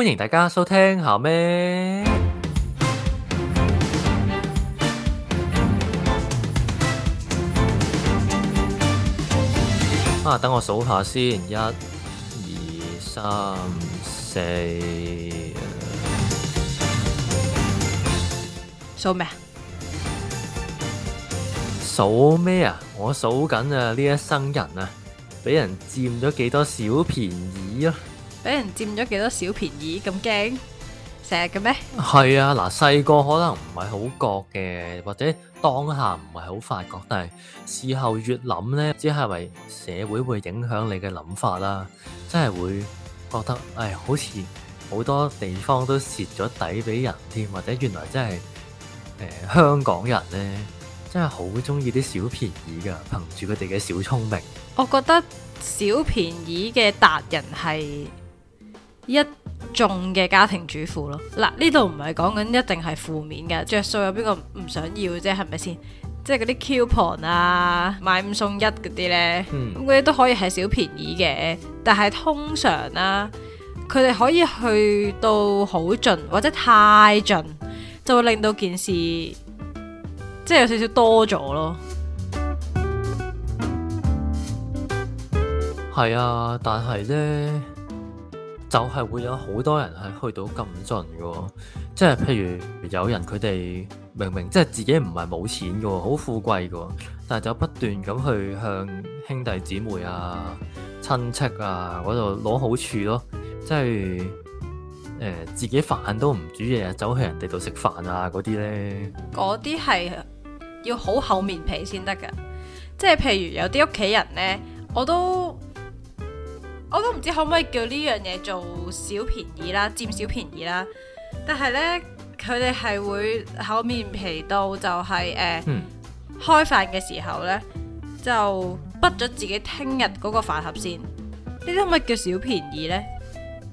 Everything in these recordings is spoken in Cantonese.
歡迎大家收、so, 聽下咩？啊，等我數下先，一、二、三、四，數咩？數咩啊？我數緊啊，呢一生人啊，俾人佔咗幾多少小便宜咯、啊？俾人佔咗幾多小便宜？咁驚，成日嘅咩？係啊，嗱、啊，細個可能唔係好覺嘅，或者當下唔係好發覺，但係事後越諗呢，即係咪社會會影響你嘅諗法啦？真係會覺得，唉，好似好多地方都蝕咗底俾人添，或者原來真係、呃、香港人呢，真係好中意啲小便宜㗎，憑住佢哋嘅小聰明。我覺得小便宜嘅達人係一眾嘅家庭主婦咯，嗱，呢度唔係講緊一定係負面嘅，着數有邊個唔想要啫？係咪先？即係嗰啲 coupon 啊，買五送一嗰啲呢，咁嗰啲都可以係小便宜嘅，但係通常啦，佢哋可以去到好盡或者太盡，就會令到件事即係有少少多咗咯。係啊，但係呢。就係會有好多人係去到咁盡嘅喎，即係譬如有人佢哋明明即係自己唔係冇錢嘅喎，好富貴嘅喎，但係就不斷咁去向兄弟姊妹啊、親戚啊嗰度攞好處咯，即係誒、呃、自己飯都唔煮嘢，走去人哋度食飯啊嗰啲咧。嗰啲係要好厚面皮先得嘅，即係譬如有啲屋企人咧，我都。我都唔知可唔可以叫呢樣嘢做小便宜啦，佔小便宜啦。但係呢，佢哋係會厚面皮到就係、是、誒，呃嗯、開飯嘅時候呢，就滗咗自己聽日嗰個飯盒先。呢啲可唔可以叫小便宜呢？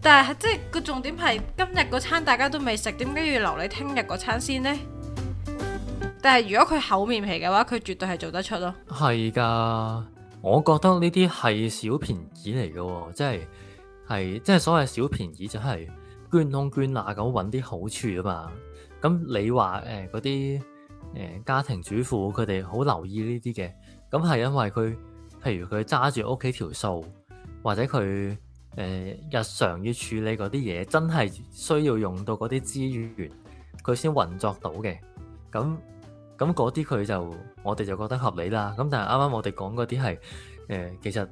但係即係個重點係今日個餐大家都未食，點解要留你聽日嗰餐先呢？但係如果佢厚面皮嘅話，佢絕對係做得出咯、啊。係噶。我覺得呢啲係小便宜嚟嘅、哦，即係係即係所謂小便宜，就係捐窿捐罅咁揾啲好處啊嘛。咁你話誒，嗰啲誒，家庭主婦佢哋好留意呢啲嘅，咁係因為佢譬如佢揸住屋企條數，或者佢誒、呃、日常要處理嗰啲嘢，真係需要用到嗰啲資源，佢先運作到嘅。咁咁嗰啲佢就，我哋就覺得合理啦。咁但係啱啱我哋講嗰啲係，誒、呃、其實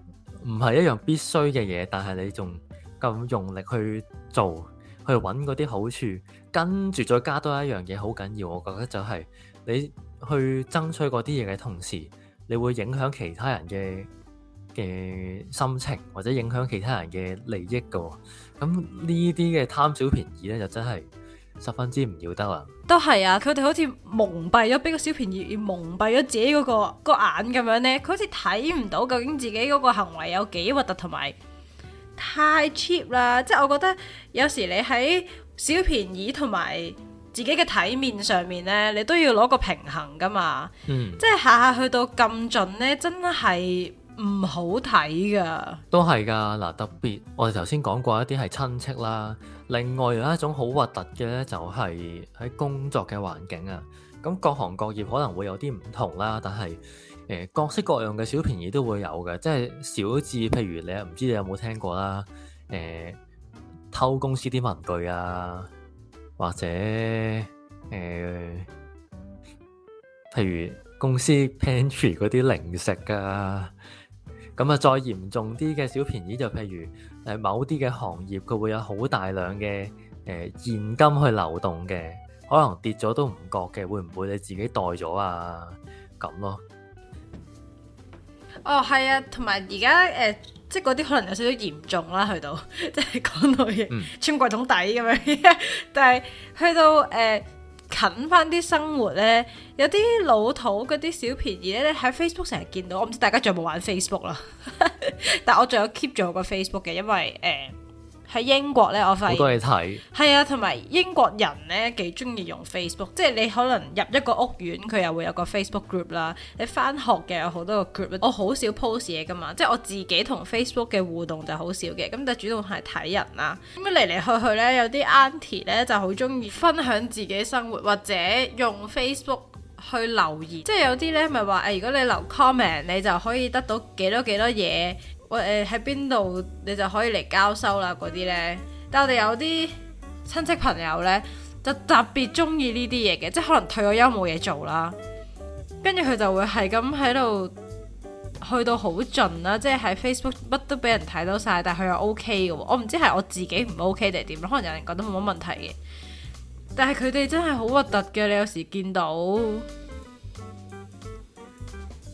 唔係一樣必須嘅嘢，但係你仲咁用力去做，去揾嗰啲好處，跟住再加多一樣嘢好緊要。我覺得就係、是、你去爭取嗰啲嘢嘅同時，你會影響其他人嘅嘅心情，或者影響其他人嘅利益嘅。咁呢啲嘅貪小便宜咧，就真係十分之唔要得啦。都係啊！佢哋好似蒙蔽咗，俾個小便宜而蒙蔽咗自己嗰個個眼咁樣呢。佢好似睇唔到究竟自己嗰個行為有幾核突同埋太 cheap 啦！即係我覺得有時你喺小便宜同埋自己嘅體面上面呢，你都要攞個平衡噶嘛。嗯、即係下下去到咁盡呢，真係。唔好睇噶，都係噶嗱，特別我哋頭先講過一啲係親戚啦，另外有一種好核突嘅咧，就係喺工作嘅環境啊。咁、嗯、各行各業可能會有啲唔同啦，但係誒、呃、各式各樣嘅小便宜都會有嘅，即係小至譬如你唔知你有冇聽過啦，誒、呃、偷公司啲文具啊，或者誒、呃、譬如公司 pantry 嗰啲零食啊。咁啊，再嚴重啲嘅小便宜就譬如，誒某啲嘅行業佢會有好大量嘅誒、呃、現金去流動嘅，可能跌咗都唔覺嘅，會唔會你自己袋咗啊？咁咯。哦，係啊，同埋而家誒，即係嗰啲可能有少少嚴重啦，去到即係講到嘢穿櫃桶底咁樣，但係去到誒。呃近翻啲生活咧，有啲老土嗰啲小便宜咧，喺 Facebook 成日見到。我唔知大家仲有冇玩 Facebook 啦， 但我仲有 keep 住我個 Facebook 嘅，因為誒。呃喺英國咧，我發現好多嘢睇。係啊，同埋英國人咧幾中意用 Facebook，即係你可能入一個屋苑，佢又會有個 Facebook group 啦。你翻學嘅有好多個 group，我好少 post 嘢噶嘛，即係我自己同 Facebook 嘅互動就好少嘅，咁就主動係睇人啦。咁樣嚟嚟去去咧，有啲 auntie 咧就好中意分享自己生活，或者用 Facebook 去留言，即係有啲咧咪話誒，如果你留 comment，你就可以得到幾多幾多嘢。誒喺邊度，你就可以嚟交收啦嗰啲呢？但係我哋有啲親戚朋友呢，就特別中意呢啲嘢嘅，即係可能退咗休冇嘢做啦，跟住佢就會係咁喺度去到好盡啦，即係喺 Facebook 乜都俾人睇到晒，但係佢又 OK 嘅喎。我唔知係我自己唔 OK 定係點咯，可能有人覺得冇乜問題嘅，但係佢哋真係好核突嘅。你有時見到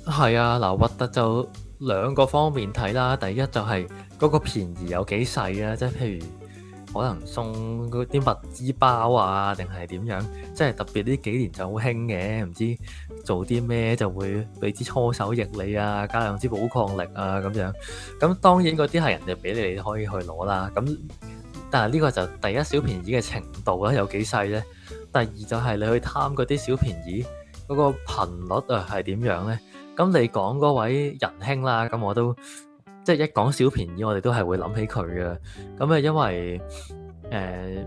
係啊，嗱核突就。兩個方面睇啦，第一就係嗰個便宜有幾細啊，即係譬如可能送嗰啲物資包啊，定係點樣？即係特別呢幾年就好興嘅，唔知做啲咩就會俾支搓手液你啊，加兩支補抗力啊咁樣。咁當然嗰啲係人哋俾你，你可以去攞啦。咁但係呢個就第一小便宜嘅程度啦，有幾細咧？第二就係你去貪嗰啲小便宜，嗰、那個頻率啊係點樣咧？咁你講嗰位仁兄啦，咁我都即係一講小便宜，我哋都係會諗起佢嘅。咁誒，因為誒、呃，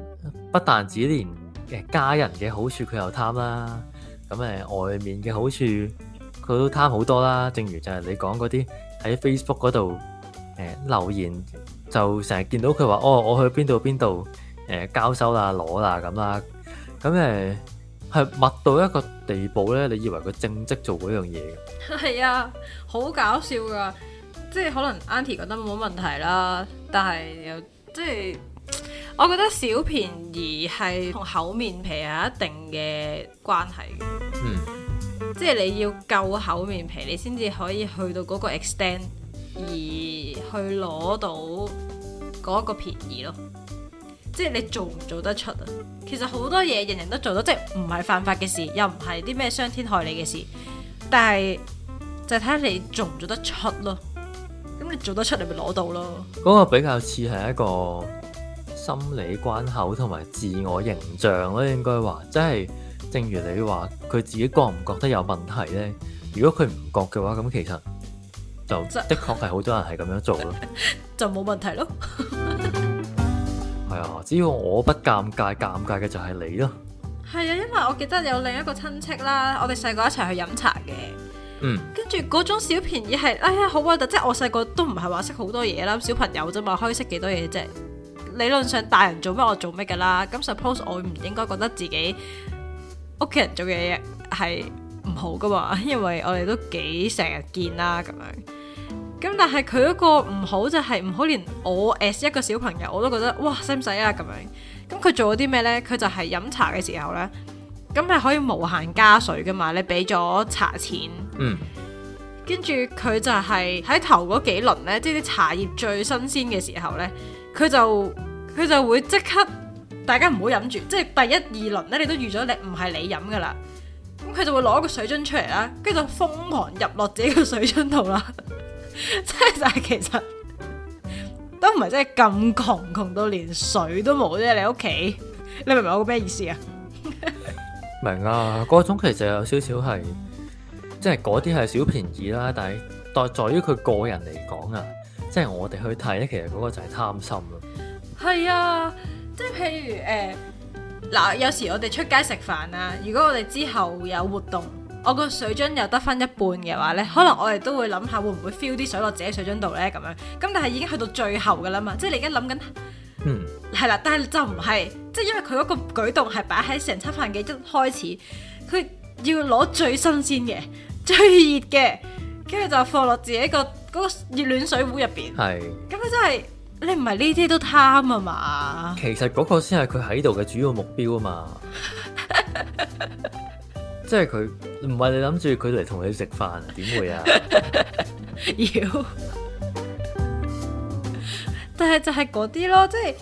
不但只連誒家人嘅好處佢又貪啦，咁、呃、誒外面嘅好處佢都貪好多啦。正如就係你講嗰啲喺 Facebook 嗰度誒留言，就成日見到佢話哦，我去邊度邊度誒交收啦、攞啦咁啦，咁誒。呃係密到一個地步咧，你以為佢正職做嗰樣嘢嘅？係啊，好搞笑噶！即係可能阿 T 覺得冇問題啦，但係又即係我覺得小便宜係同厚面皮有一定嘅關係嘅。嗯，即係你要夠厚面皮，你先至可以去到嗰個 extent，而去攞到嗰個便宜咯。即係你做唔做得出啊？其實好多嘢人人都做到，即係唔係犯法嘅事，又唔係啲咩傷天害理嘅事，但係就睇下你做唔做得出咯。咁你做得出，你咪攞到咯。嗰個比較似係一個心理關口同埋自我形象咯，應該話，即係正如你話，佢自己覺唔覺得有問題呢？如果佢唔覺嘅話，咁其實就的確係好多人係咁樣做咯， 就冇問題咯。 係啊，只要我不尷尬，尷尬嘅就係你咯。係啊，因為我記得有另一個親戚啦，我哋細個一齊去飲茶嘅。嗯，跟住嗰種小便宜係，哎呀好核突，即係我細個都唔係話識好多嘢啦，小朋友啫嘛，可以識幾多嘢啫。理論上大人做乜我做乜噶啦，咁 suppose 我唔應該覺得自己屋企人做嘅嘢係唔好噶嘛，因為我哋都幾成日見啦，咁樣。咁但係佢嗰個唔好就係唔好，連我 as 一個小朋友，我都覺得哇，使唔使啊咁樣？咁佢做咗啲咩呢？佢就係飲茶嘅時候呢，咁咪可以無限加水噶嘛？你俾咗茶錢，嗯，跟住佢就係喺頭嗰幾輪呢，即係啲茶葉最新鮮嘅時候呢，佢就佢就會即刻，大家唔好飲住，即係第一二輪呢，你都預咗你唔係你飲噶啦，咁佢就會攞個水樽出嚟啦，跟住就瘋狂入落自己個水樽度啦。 即係， 但係其實都唔係真係咁窮，窮到連水都冇啫。你屋企，你明唔明我個咩意思 啊？明啊，嗰種其實有少少係，即係嗰啲係小便宜啦。但係在在於佢個人嚟講啊，即係我哋去睇咧，其實嗰個就係貪心咯。係啊，即係譬如誒，嗱、呃，有時我哋出街食飯啊，如果我哋之後有活動。我個水樽又得翻一半嘅話呢，可能我哋都會諗下會唔會 fill 啲水落自己水樽度呢？咁樣。咁但係已經去到最後㗎喇嘛，即係你而家諗緊，嗯，係啦，但係就唔係，即係因為佢嗰個舉動係擺喺成餐飯嘅一開始，佢要攞最新鮮嘅、最熱嘅，跟住就放落自己個嗰個熱暖水壺入邊。係。咁佢真係，你唔係呢啲都貪吖嘛？其實嗰個先係佢喺度嘅主要目標吖嘛。 即係佢唔係你諗住佢嚟同你食飯，點會啊？要， 但係就係嗰啲咯，即係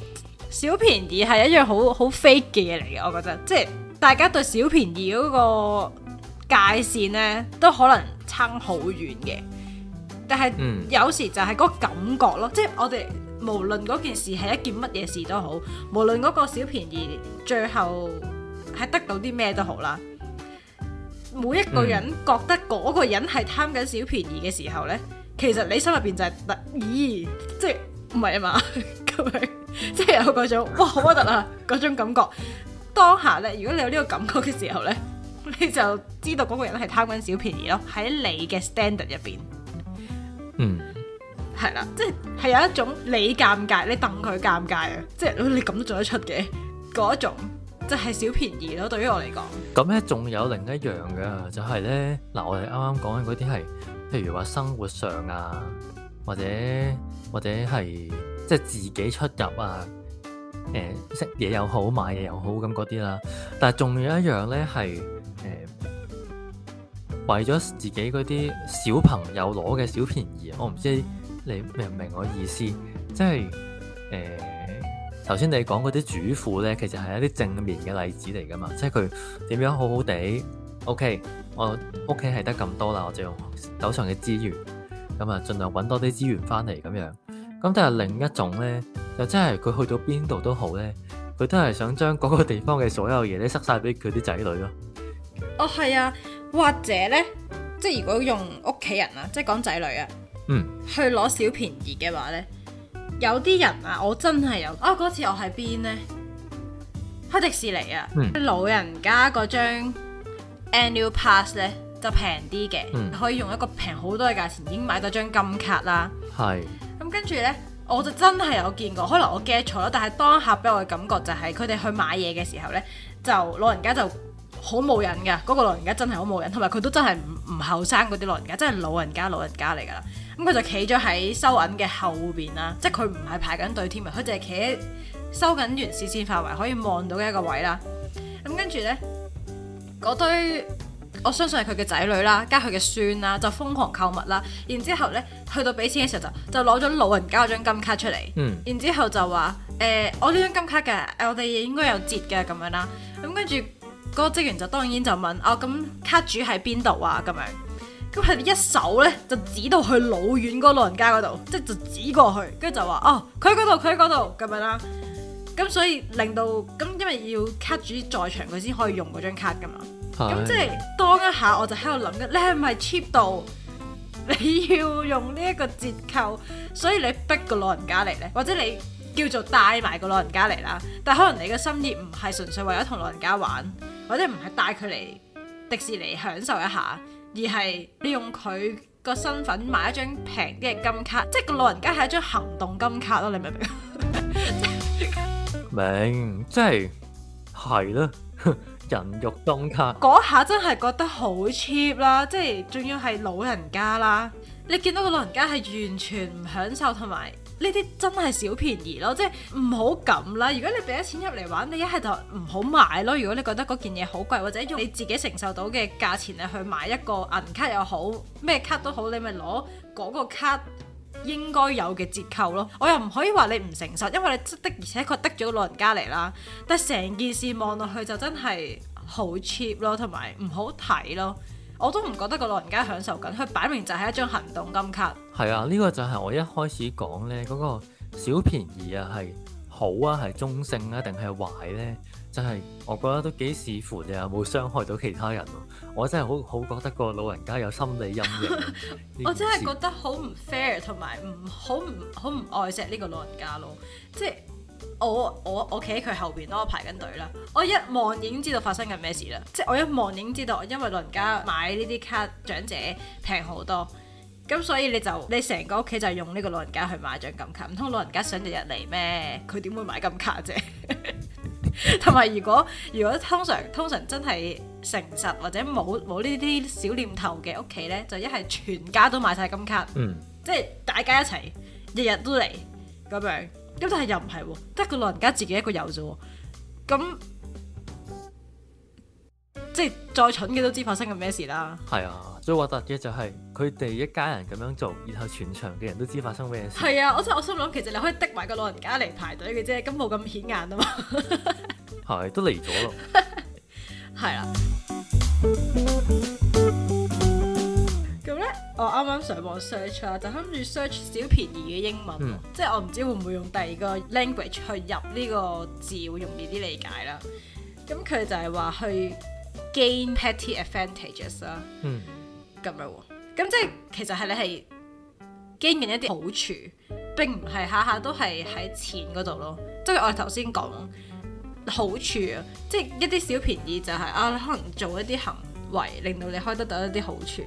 小便宜係一樣好好 fake 嘅嘢嚟嘅。我覺得，即係大家對小便宜嗰個界線呢，都可能差好遠嘅。但係有時就係嗰個感覺咯，嗯、即係我哋無論嗰件事係一件乜嘢事都好，無論嗰個小便宜最後係得到啲咩都好啦。每一個人覺得嗰個人係貪緊小便宜嘅時候呢，嗯、其實你心入邊就係得咦，即係唔係啊嘛？咁樣即係有嗰種哇，好核突啊，嗰種感覺。當下呢，如果你有呢個感覺嘅時候呢，你就知道嗰個人係貪緊小便宜咯。喺你嘅 standard 入邊，嗯，係啦，即係有一種你尷尬，你等佢尷尬啊，即係你咁都做得出嘅嗰種。即係小便宜咯，對於我嚟講。咁咧，仲有另一樣嘅，就係咧，嗱，我哋啱啱講緊嗰啲係，譬如話生活上啊，或者或者係即係自己出入啊，誒，食嘢又好，買嘢又好咁嗰啲啦。但係仲有一樣咧，係誒、呃，為咗自己嗰啲小朋友攞嘅小便宜，我唔知你明唔明我意思，即係誒。呃頭先你講嗰啲主婦咧，其實係一啲正面嘅例子嚟噶嘛，即係佢點樣好好地，OK，我屋企係得咁多啦，我就用手上嘅資源，咁啊，盡量揾多啲資源翻嚟咁樣。咁但係另一種咧，就真係佢去到邊度都好咧，佢都係想將嗰個地方嘅所有嘢咧，塞晒俾佢啲仔女咯。哦，係啊，或者咧，即係如果用屋企人啊，即係講仔女啊，嗯，去攞小便宜嘅話咧。有啲人啊，我真係有啊！嗰次我喺邊呢？喺迪士尼啊，嗯、老人家嗰張 Annual Pass 呢，就平啲嘅，嗯、可以用一個平好多嘅價錢已經買到張金卡啦。係是，咁跟住呢，我就真係有見過，可能我 get 錯啦，但係當下俾我嘅感覺就係，佢哋去買嘢嘅時候呢，就老人家就。好冇癮噶，嗰、那個老人家真係好冇癮，同埋佢都真係唔唔後生嗰啲老人家，真係老人家老人家嚟噶啦。咁、嗯、佢就企咗喺收銀嘅後邊啦，即係佢唔係排緊隊添啊，佢就係企喺收銀員視線範圍可以望到嘅一個位啦。咁跟住呢，嗰堆我相信係佢嘅仔女啦，加佢嘅孫啦，就瘋狂購物啦。然之後呢，去到俾錢嘅時候就就攞咗老人家嗰張金卡出嚟，嗯、然之後就話誒、呃、我呢張金卡嘅，我哋應該有折嘅咁樣啦。咁跟住。嗰個職員就當然就問：哦，咁卡主喺邊度啊？咁樣，咁佢一手咧就指到去老遠嗰個老人家嗰度，即係就指過去，跟住就話：哦，佢喺嗰度，佢喺嗰度咁樣啦。咁所以令到咁，因為要卡主在場，佢先可以用嗰張卡噶嘛。咁的即係當一下，我就喺度諗緊，你係咪 cheap 到你要用呢一個折扣？所以你逼個老人家嚟咧，或者你？叫做帶埋個老人家嚟啦，但係可能你嘅心意唔係純粹為咗同老人家玩，或者唔係帶佢嚟迪士尼享受一下，而係你用佢個身份買一張平嘅金卡，即係個老人家係一張行動金卡咯，你明唔 明？明即係係啦，人肉金卡嗰下真係覺得好 cheap 啦，即係仲要係老人家啦，你見到個老人家係完全唔享受同埋。呢啲真係小便宜咯，即係唔好咁啦。如果你俾咗錢入嚟玩，你一係就唔好買咯。如果你覺得嗰件嘢好貴，或者用你自己承受到嘅價錢你去買一個銀卡又好，咩卡都好，你咪攞嗰個卡應該有嘅折扣咯。我又唔可以話你唔承受，因為你的而且確的咗老人家嚟啦。但係成件事望落去就真係好 cheap 咯，同埋唔好睇咯。我都唔覺得個老人家享受緊，佢擺明就係一張行動金卡。係啊，呢個就係我一開始講呢嗰個小便宜啊，係好啊，係中性啊，定係壞呢？就係我覺得都幾視乎，你有冇傷害到其他人。我真係好好覺得個老人家有心理陰影。我真係覺得好唔 fair，同埋唔好唔好唔愛惜呢個老人家咯，即係。我我我企喺佢後邊咯，排緊隊啦。我一望已經知道發生緊咩事啦。即係我一望已經知道，因為老人家買呢啲卡，長者平好多，咁所以你就你成個屋企就用呢個老人家去買張金卡，唔通老人家想日日嚟咩？佢點會買金卡啫？同 埋如果如果通常通常真係誠實或者冇冇呢啲小念頭嘅屋企呢，就一係全家都買晒金卡，嗯，即係大家一齊日日都嚟咁樣。咁但係又唔係喎，即係個老人家自己一個有啫喎，咁即係再蠢嘅都知發生緊咩事啦。係啊，最核突嘅就係佢哋一家人咁樣做，然後全場嘅人都知發生咩事。係啊，我真係我心諗，其實你可以滴埋個老人家嚟排隊嘅啫，咁冇咁顯眼啊嘛。係， 都嚟咗咯。係啦、 啊。我啱啱上網 search 啦，就諗住 search 小便宜嘅英文，嗯、即係我唔知會唔會用第二個 language 去入呢個字會容易啲理解啦。咁佢就係話去 gain petty advantages 啦、嗯，咁樣喎。咁即係其實係你係 gain 緊一啲好處，並唔係下下都係喺錢嗰度咯。即、就、係、是、我頭先講好處啊，即、就、係、是、一啲小便宜就係、是、啊，可能做一啲行為令到你開得到一啲好處。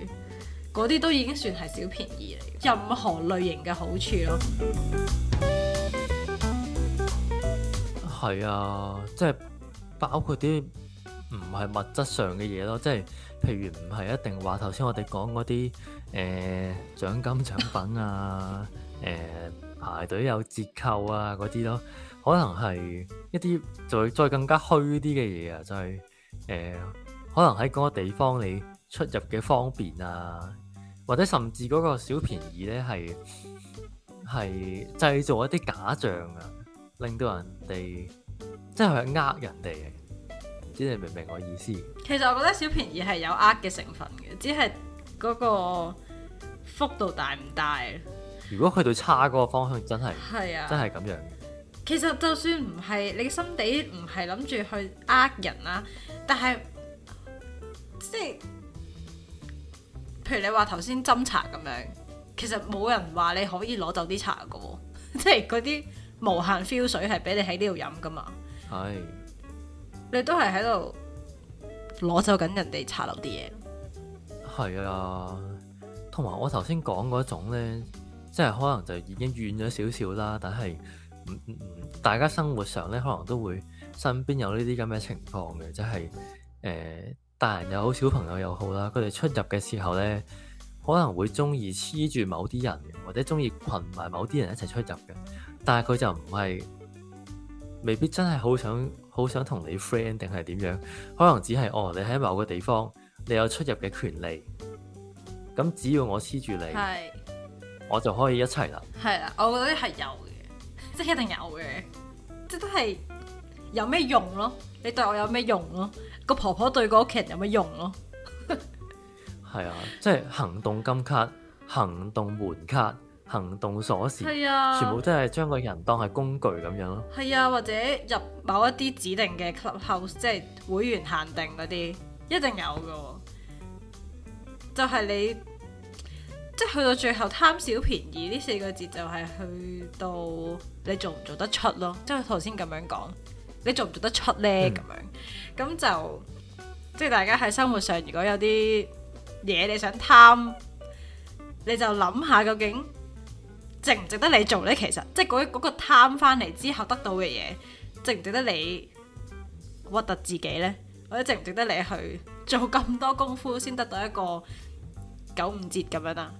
嗰啲都已經算係小便宜嚟，任何類型嘅好處咯。係啊，即係包括啲唔係物質上嘅嘢咯，即係譬如唔係一定話頭先我哋講嗰啲誒獎金獎品啊、誒、 欸、排隊有折扣啊嗰啲咯，可能係一啲再再更加虛啲嘅嘢啊，就係、是、誒、欸、可能喺嗰個地方你出入嘅方便啊。或者甚至嗰個小便宜咧，係係製造一啲假象啊，令到人哋即係去呃人哋，唔知你明唔明我意思？其實我覺得小便宜係有呃嘅成分嘅，只係嗰個幅度大唔大？如果去到差嗰個方向真係係啊，真係咁樣。其實就算唔係你心底唔係諗住去呃人啦、啊，但係即係。譬如你話頭先斟茶咁樣，其實冇人話你可以攞走啲茶嘅、 啊啊，即係嗰啲無限 feel 水係俾你喺呢度飲噶嘛。係，你都係喺度攞走緊人哋茶樓啲嘢。係啊，同埋我頭先講嗰種咧，即係可能就已經遠咗少少啦，但係大家生活上咧可能都會身邊有呢啲咁嘅情況嘅，即係誒。呃大人又好，小朋友又好啦，佢哋出入嘅時候呢，可能會中意黐住某啲人，或者中意群埋某啲人一齊出入嘅。但係佢就唔係，未必真係好想好想同你 friend 定係點樣，可能只係哦，你喺某個地方，你有出入嘅權利，咁只要我黐住你，是我就可以一齊啦。係啦，我覺得係有嘅，即係一定有嘅，即係都係。有咩用咯？你對我有咩用咯？個婆婆對屋企人有咩用咯？係 啊，即、就、係、是、行動金卡、行動門卡、行動鎖匙，啊、全部都係將個人當係工具咁樣咯。係啊，或者入某一啲指定嘅 club house，即係會員限定嗰啲，一定有嘅、哦。就係、是、你即係、就是、去到最後貪小便宜呢四個字，就係去到你做唔做得出咯。即係頭先咁樣講。你做唔做得出呢？咁、嗯、樣咁就即係、就是、大家喺生活上，如果有啲嘢你想貪，你就諗下究竟值唔值得你做呢？其實即係嗰嗰個貪返嚟之後得到嘅嘢，值唔值得你屈突自己呢？或者值唔值得你去做咁多功夫先得到一個九五折咁樣啊？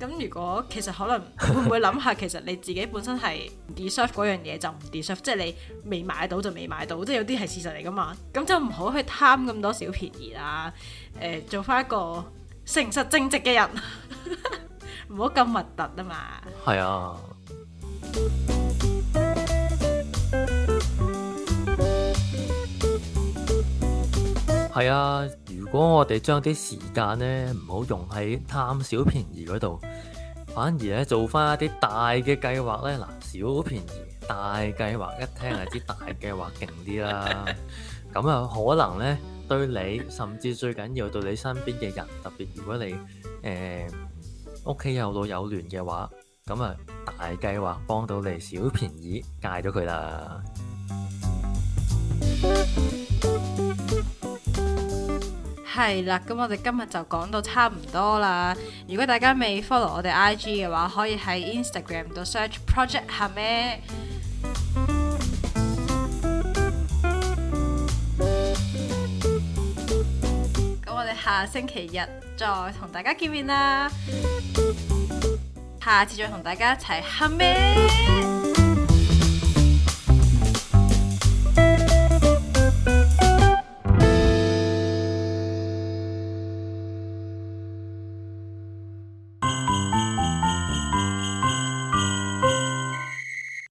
咁如果其實可能會唔會諗下，其實你自己本身係 deserve 嗰樣嘢就唔 deserve，即係你未買到就未買到，即係有啲係事實嚟噶嘛。咁就唔好去貪咁多小便宜啦。做翻一個誠實正直嘅人，唔好咁核突啊嘛。係啊。係啊。如果我哋將啲時間呢，唔好用喺貪小便宜嗰度，反而咧，做翻一啲大嘅計劃呢，嗱，小便宜大計劃，一聽係啲大計劃勁啲啦，咁啊可能呢，對你，甚至最緊要對你身邊嘅人，特別如果你誒屋企有老有嫩嘅話，咁啊大計劃幫到你，小便宜戒咗佢啦。係啦，咁我哋今日就講到差唔多啦。如果大家未 follow 我哋 IG 嘅話，可以喺 Instagram 度 search Project Happy。咁我哋下星期日再同大家見面啦，下次再同大家一齊 Happy。